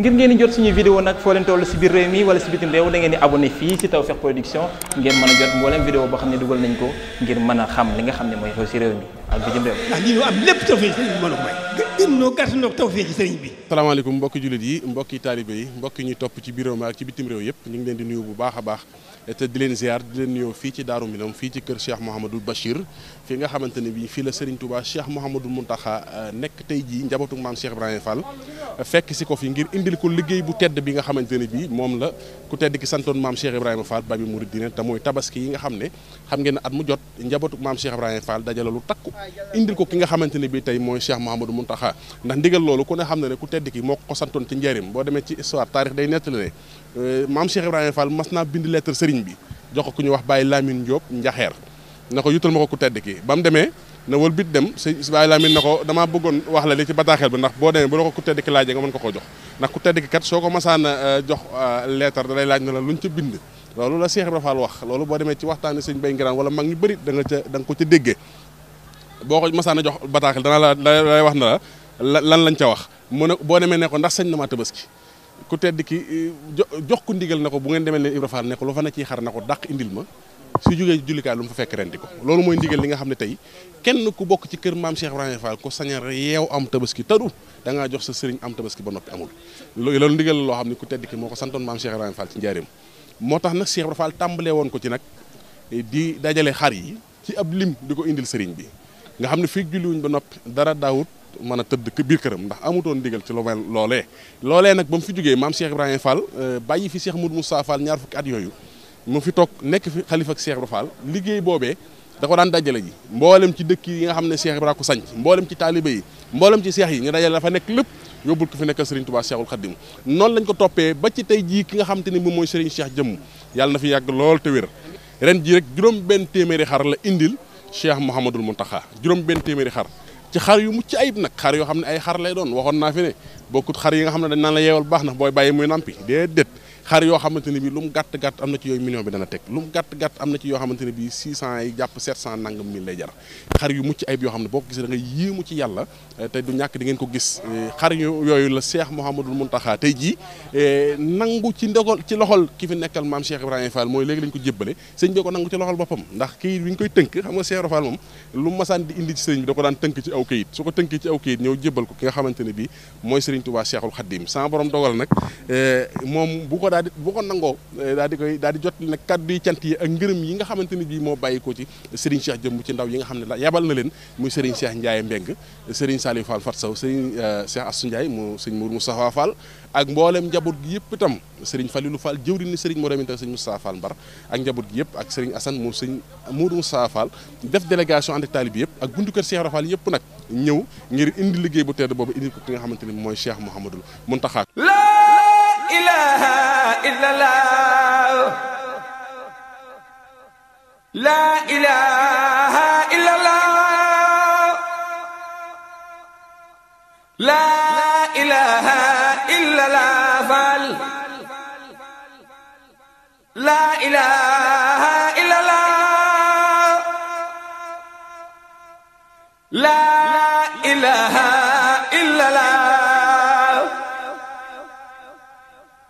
ngir ngeen di jot suñu vidéo nag foo leen toll si biir réew mi wala si bitim réew da di abonné fii si Tawfekh Production ngeen mën a jot mboolem vidéo boo xam ne dugal nañ ko ngir mën a xam li nga xam ne mooy xew si réew mi ak bitim réew. ndax lii ñu am lépp Tawfekh sëriñ bi sëriñ bi. salaamaaleykum mbokki jullit yi mbokki taalibe yi mbokki ñu topp ci biir réew mi ak ci bitim réew yëpp ñu ngi leen di nuyu bu baax a baax te di leen ziar di leen nuyoo fii ci Daaru Minam fii ci kër Cheikh Mouhamadul Bachir fi nga xamante ne bii fii la Serigne Touba Cheikh Mouhamadul Mountakha euh, nekk tey jii njabootu maam Cheikh Ibrahima Fall fekk ko fi ngir indil ko liggéey bu tedd bi nga xamante ne bii moom la ku tedd ki santoon maam Cheikh Ibrahima Fall yi nga xam ne xam ngeen ne jot njabootu maam Cheikh Ibrahima Fall dajale lu takku indil ko ki nga xamante ne bii tey mooy Cheikh Mouhamadul Mountakha ndax ndigal loolu ku ne xam na ne ku tedd ki moo ko santoon ci njëriñ boo demee ci histoire taarix day nettali ne euh, maam Cheikh Ibrahima Fall mas naa bind lettre Serigne bi jox ko ku ñu wax Baye Lamine Diop njaxeer na ko yutal ma ko ku tedd kii ba mu demee na wal bit dem sëñ Baye Lamine na ko damaa bëggoon wax la li ci bataaxel bi ndax boo demee bu la ko ku tedd ki laajee ko koo jox ndax ku tedd ki kat soo ko masaana jox leetar da lay laaj na la luñ ca bind loolu la Cheikh Ibra wax loolu boo demee ci waxtaani sëñ Bay Ngiraan wala mag ñu bëri da nga ca da ko ca déggee boo ko masaana jox bataaxel dana la lay wax na la lan lañ ca wax mu ne boo demee ne ko ndax sëñ na maa tabaski ku tedd ki eh, jox ko ndigal na ko bu ngeen demee leen Ibra Fall ne lu fa na ciy xar na ko dàq indil ma su jógee jullikaay lu mu fa fekk rendi ko loolu mooy ndigal li nga xam ne tey kenn ku bokk ci kër maam Cheikh Ibrahima Fall ko sañar yeew am tabaski tadu da ngaa jox sa sëriñ am tabaski ba noppi amul loolu ndigal la loo xam ne ku tedd ki moo ko santoon maam Cheikh Ibrahima ci njaareem moo tax nag Cheikh Ibrahima tàmbalee woon ko ci nag eh, di dajale xar yi ci ab lim di ko indil sëriñ bi nga xam ne fii julliwuñ ba noppi dara daawut mën a tëdd biir këram ndax amutoon ndigal ci lu mel loole nag ba mu fi jógee maam Cheikh Ibrahima Fall euh, bàyyi fi Cheikh Moudou Moussa Fall ñaar fukki at yooyu mu fi toog nekk fi xalifa ak Cheikh Ibrahima Fall liggéey boobee dafa daan dajale ji mboolem ci dëkk yi nga xam ne Cheikh Ibrahima ko sañ mboolem ci taalibe yi mboolem ci seex yi ñu dajale dafa nekk lépp yóbbul ko fi nekkal Serigne Touba Cheikhul Khadim noonu lañ ko toppee ba ci tey jii ki nga xam te ni moom mooy Serigne Cheikh jëmm yàlla na fi yàgg lool te wér ren jii rek juróom benn téeméeri xar la indil Cheikh Mouhamadul Mountakha juróom benn téeméeri xar ci xar yu mucc ayib nag xar yoo xam ne ay xar lay doon waxoon naa fi ne bokkut xar yi nga xam ne dañ naan la yeewal baax na booy bàyyi muy nampi déedéet xar yoo xamante ne bi lu mu gàtt gàtt am na ci yooyu million bi dana teg lu mu gàtt gàtt am na ci yoo xamante ne bi six cent yi jàpp sept cent nangam mille lay jar xar yu mucc ayib yoo xam ne boo ko gisee da nga yéemu ci yàlla eh, te du ñàkk di ngeen ko gis eh, xar yu yooyu la Cheikh Mouhamadul Mountakha tey jii eh, nangu ci ndogal ci loxol ki fi nekkal maam Cheikh Ibrahima Fall mooy léegi lañ ko jébbale sëñ bi ko nangu ci loxol boppam ndax kayit bi ñu koy tënk xam nga Cheikh Fall moom lu masaan di indi ci sëriñ bi da ko daan tënk ci aw kayit su ko tënkee ci aw kayit ñëw jébbal ko ki nga xamante ne bi mooy sëriñ Touba Cheikhul Khadim sama borom dogal nag moom bu ko daal di ko nangoo eh, daal di koy daal di jot nag kaddu yi cant yi ak ngërëm yi nga xamante ni bii moo bàyyi ko ci Serigne Cheikh jëmb ci ndaw yi nga xam ne la yabal na leen muy Serigne Cheikh Ndiaye Mbeng Serigne Saliou Fall Fat Sow Serigne eh, Cheikh Assou Ndiaye mu Serigne Mour Moustapha Fall ak mboolem njaboot yëpp itam Serigne Falilou Fall jëwriñ ni Serigne moo deminta Serigne Moustapha Fall Mbar njaboot gi yëpp ak Serigne Assane moom Serigne Mour Moustapha def délégation ànd ak taalib yëpp ak buntu kër Cheikh Rafal yëpp nag ñëw ngir indi liggéey bu tedd boobu indi ki nga xamante ni mooy Cheikh Mouhamadoul Mountakha إلا الله لا إله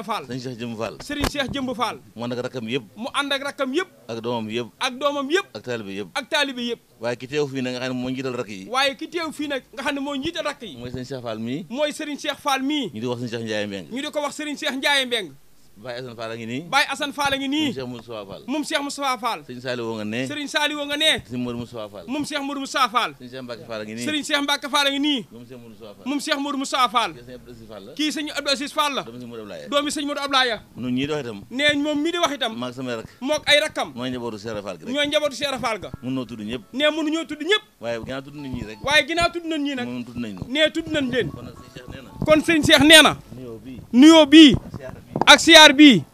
Jëmb Fall sëriñ Cheikh Jëmb Fall sëriñ Cheikh Jëmb Fall mu ànd rakkam yëpp mu ànd ak rakkam yëpp ak doomam yëpp ak doomam yëpp ak taalibe yëpp ak yëpp waaye ki teew fii nag nga xam ne moo njiital rakk yi waaye ki teew fii nga xam ne moo njiital rakk yi mooy sëriñ Cheikh Fall mii mooy sëriñ Cheikh ñu di wax sëriñ ko wax sëriñ Cheikh Ndiaye Mbeng Baye Assane Fall a ngi nii Baye Assane Fall a ngi nii moom Cheikh Moustapha Fall moom Cheikh Moustapha Fall Serigne Saliou woo nga ne Serigne Saliou woo nga ne Serigne Modou Moustapha Fall moom Cheikh Modou Moustapha Fall Serigne Cheikh Mbacke Fall a ngi nii Serigne Cheikh Mbacke Fall nii moom Cheikh nee moom mii di wax itam ay rakkam ñooy njabootu Cheikh Fall ga mën noo tudd ñëpp nee mënu ñoo tudd ñëpp waaye ginnaaw tudd nañ ñii nag kon Serigne Cheikh nee na ak siyaar bii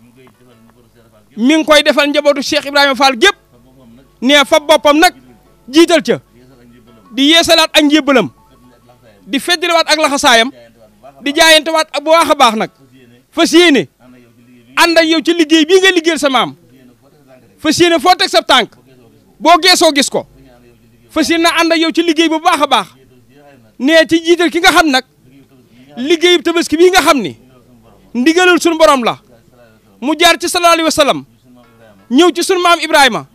mi koy defal njabootu Cheikh Ibrahima Fall gépp nee fa boppam nag jiital ca di yeesalaat ak njébbalam di feddiliwaat ak laxasaayam di jaayantewaat bu baax a baax nag fas yéene ànd ak yow ci liggéey bii nga liggéeyal sa maam fas yéene foo teg sa tànk boo geesoo gis ko fas yéene ànd ak yow ci liggéey bu baax a baax ci jiital ki nga xam nag liggéeyu tabaski bii nga xam ni. ndigalul suñu borom la mu jaar ci sallallahu alayhi ñëw ci sunu maam Ibrahima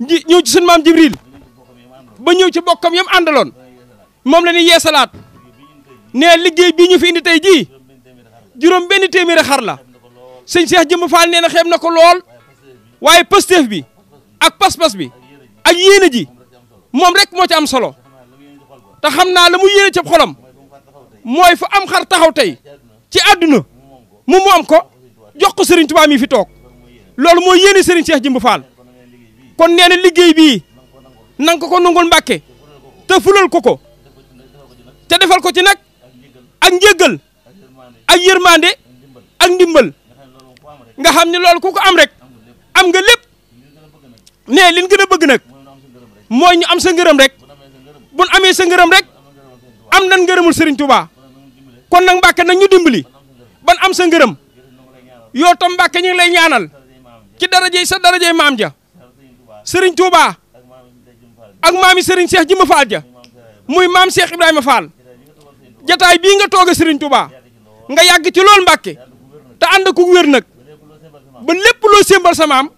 ji ñëw ci sunu maam Jibril ba ñëw ci bokkam yam àndaloon moom la ñuy yeesalaat nee liggéey bii ñu fi indi tey jii juróom benn téeméeri xar la sëñ Cheikh Jëmb Fall nee na xeeb na ko lool waaye pësteef bi ak pas bi ak yéene ji moom rek moo ci am solo te xam naa la mu yéene ci xolam mooy fa am xar taxaw tey ci àdduna mu moom ko jox ko Serigne Touba mi fi toog loolu mooy yéene Serigne Cheikh Jimb Fall kon nee liggéey bii nan ko ko nungul Mbàkke te fulal ko ko te defal ko ci nag ak njéggal ak yërmande ak ndimbal nga xam ne loolu ko ko am rek am nga lépp nee li ñu gën a bëgg nag mooy ñu am sa ngërëm rek bu amee sa ngërëm rek am nan ngërëmul Serigne Touba kon nag Mbàkke nag ñu dimbali. ban am sa ngërëm yow tam Mbàkke ñu lay ñaanal ci darajey sa darajey maam ja Serigne Touba ak maami Serigne Cheikh Jimba Fall ja muy maam Cheikh Ibrahima Fall jataay bii nga toog a Serigne Touba nga yàgg ci loolu Mbàkke te ànd ku wér nag ba lépp loo sémbal sa maam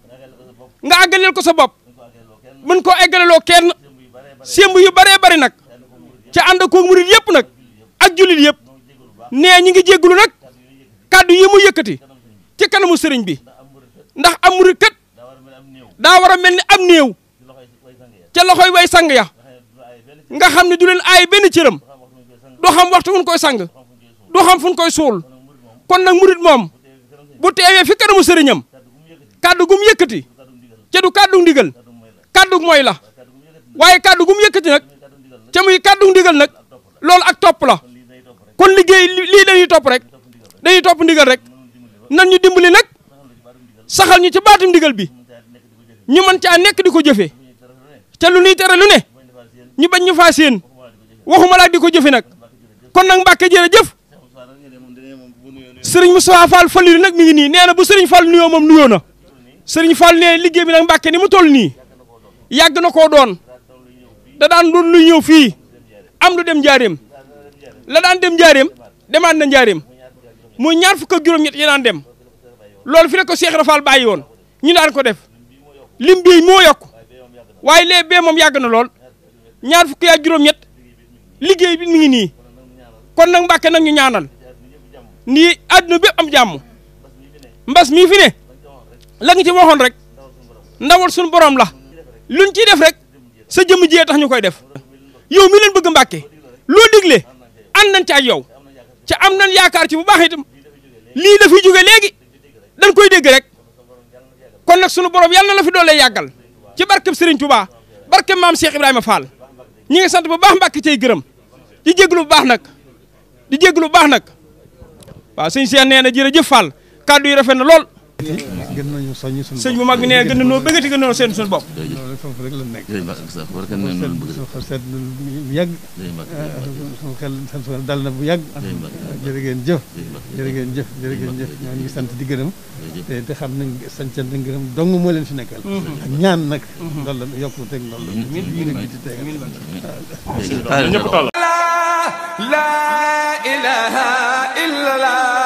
nga àggaleel ko sa bopp mën koo eggaleloo kenn sémb yu bare bari nag ca ànd ak murit yëpp nag ak jullit yëpp nee ñi ngi jéggulu nag. kàddu yi mu yëkkati ci kanamu sëriñ bi ndax am murit kat daa war a mel ni am néew ca loxoy way sang ya nga xam ne du leen aay benn cëram du xam waxtu fu ñu koy sang du xam fu ñu koy suul kon nag murit moom bu teewee fi kanamu sëriñam kàddu gum yëkkati ca du kàddu ndigal kàddu mooy la waaye kàddu gum yëkkati nag ca muy kàddu ndigal nag dañuy topp ndigal rek nan ñu dimbali nag saxal ñu ci baatum ndigal bi ñu man caa nekk di ko jëfe te lu nuy tere lu ne ñu bañ ñu faa séen waxuma di ko jëfe nag kon nag Mbàkke jërëjëf sëriñ Moustapha Fall Fallilu nag mi ngi nii nee bu sëriñ Fall nuyoo moom nuyoo na sëriñ Fall nee liggéey bi nag Mbàkke ni mu toll nii yàgg na koo doon da daan doon luy ñëw fii am lu dem njaareem la daan dem njaareem demaan na njaareem muy ñaar fukk ak juróom-ñett yi daan dem loolu fi la ko Cheikh Rafal bàyyi woon ñu daan ko def lim bii moo yokk waaye lee bee moom yàgg na lool ñaar fukk ak juróom-ñett liggéey bi mi nii kon nag mbakke nag ñu ñaanal nii àdduna bépp am jàmm mbas mii fi ne la ci waxoon rek ndawal suñu borom la luñ ciy def rek sa jëmm jiyee tax ñu koy def yow mi leen bëgg mbakke loo dégle ànd nañ ci yow. ca am nañ yaakaar ci bu baax itam lii dafay jóge léegi dañ koy dégg rek kon nag sunu borom yàlla na la fi doolee yàggal ci barkeb Serigne Touba barkeb maam Cheikh Ibrahima Fall ñi ngi sant bu baax Mbàkke cay gërëm di jéglu bu baax nag di jéglu bu baax nag waaw sëñ Cheikh nee na jërëjëf Fall kàddu yi rafet na lool. gën nañu soññ suñu bopp sëñ bu mag bi nee gën nañoo bëggati gën nañoo seen suñu bopp. bu yàgg. suñu xel dal na bu yàgg. jërë ngeen jëf. jërë ngeen jëf ñoo ngi sant di gërëm. te te xam nañ sant nañ gërëm dong moo leen fi nekkal. ak ñaan nag. loolu la yokku teg loolu la. ñëpp toll la ilaha illallah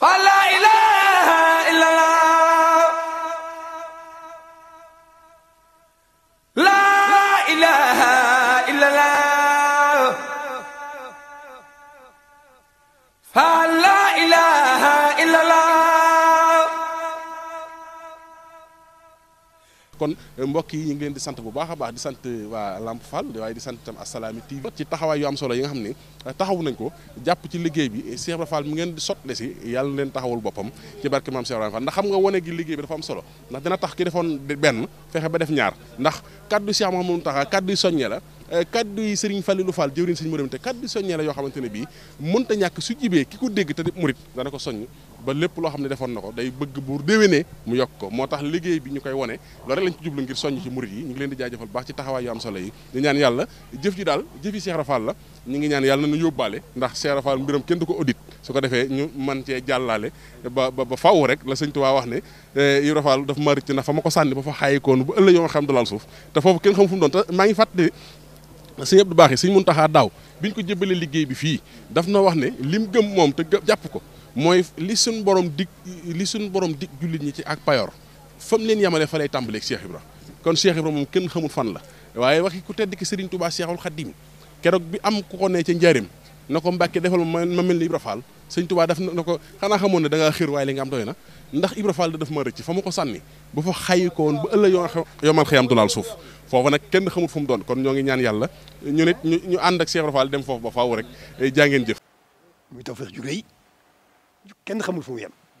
fala kon euh, mbokk yi ñu ngi leen di sant bu baax a baax di sant euh, waa Lamp Fall waaye di sant itam Assalaamy TV ci taxawaay yu am solo yi nga xam ni euh, taxaw nañ ko jàpp ci liggéey bi Cheikh Ibra mu ngeen di sotle si yàlla leen taxawul boppam ci barke maam Cheikh Ibra Fall ndax xam nga wane gi liggéey bi dafa am solo ndax dina tax ki defoon benn fexe ba def ñaar ndax kaddu Cheikh Mouhamadou Mountakha kaddu soññe la Euh, kaddu yi sëriñ Fallilou Fall jëwriñ sëriñ Modou te kaddu soññee la yoo xamante ne bii mënta ñàkk su jibee ki ko dégg te murit dana ko soññ ba lépp loo xam ne bi ñu koy wone loolu rek lañ ci jublu ngir soññ ci murit yi di ñaan yàlla jëf ji daal jëfi Cheikh Rafal la ñu ngi ñaan yàlla na ñu yóbbaale ndax Cheikh Rafal mbiram kenn du ko audit su ko defee ñu man cee jàllaale ba ba faw rek la sëñ Tuubaa wax ne eh, Ibra Rafal daf ma rëcc na fa ma ko sànni ba fa xaayikoon bu ëllëg yoo xam du suuf te foofu kenn sëñ Abdou Baax mun Muntaxa daaw bi ñu ko jëbalee liggéey bi fii daf na wax ne lim gëm moom te jàpp ko mooy li suñ borom dig li suñ borom dig jullit ñi ci ak payor fam leen yemale fa lay tàmbaleeg Cheikh Ibra kon Cheikh Ibra moom kenn xamul fan la waaye waxi ku tedd ki Serigne Touba Cheikhul Khadim keroog bi am ku ko ne ca njaarim na ko Mbàkke defal ma ma mel ni Ibra Fall sëñ Tuubaa def na ko xanaa xamoon ne da ngaa xër waaye li nga am doy na ndax Ibra Fall da def ma rëcc fa ma ko sànni bu fa xay ko woon ba ëllëg yoo yomal xëyam du laal suuf foofu nag kenn xamul fu mu doon kon ñoo ngi ñaan yàlla ñu nit ñu ànd ak Cheikh Ibra dem foofu ba faaw rek eh, jaa ngeen jëf muy Tawfekh ju rëy kenn xamul fu mu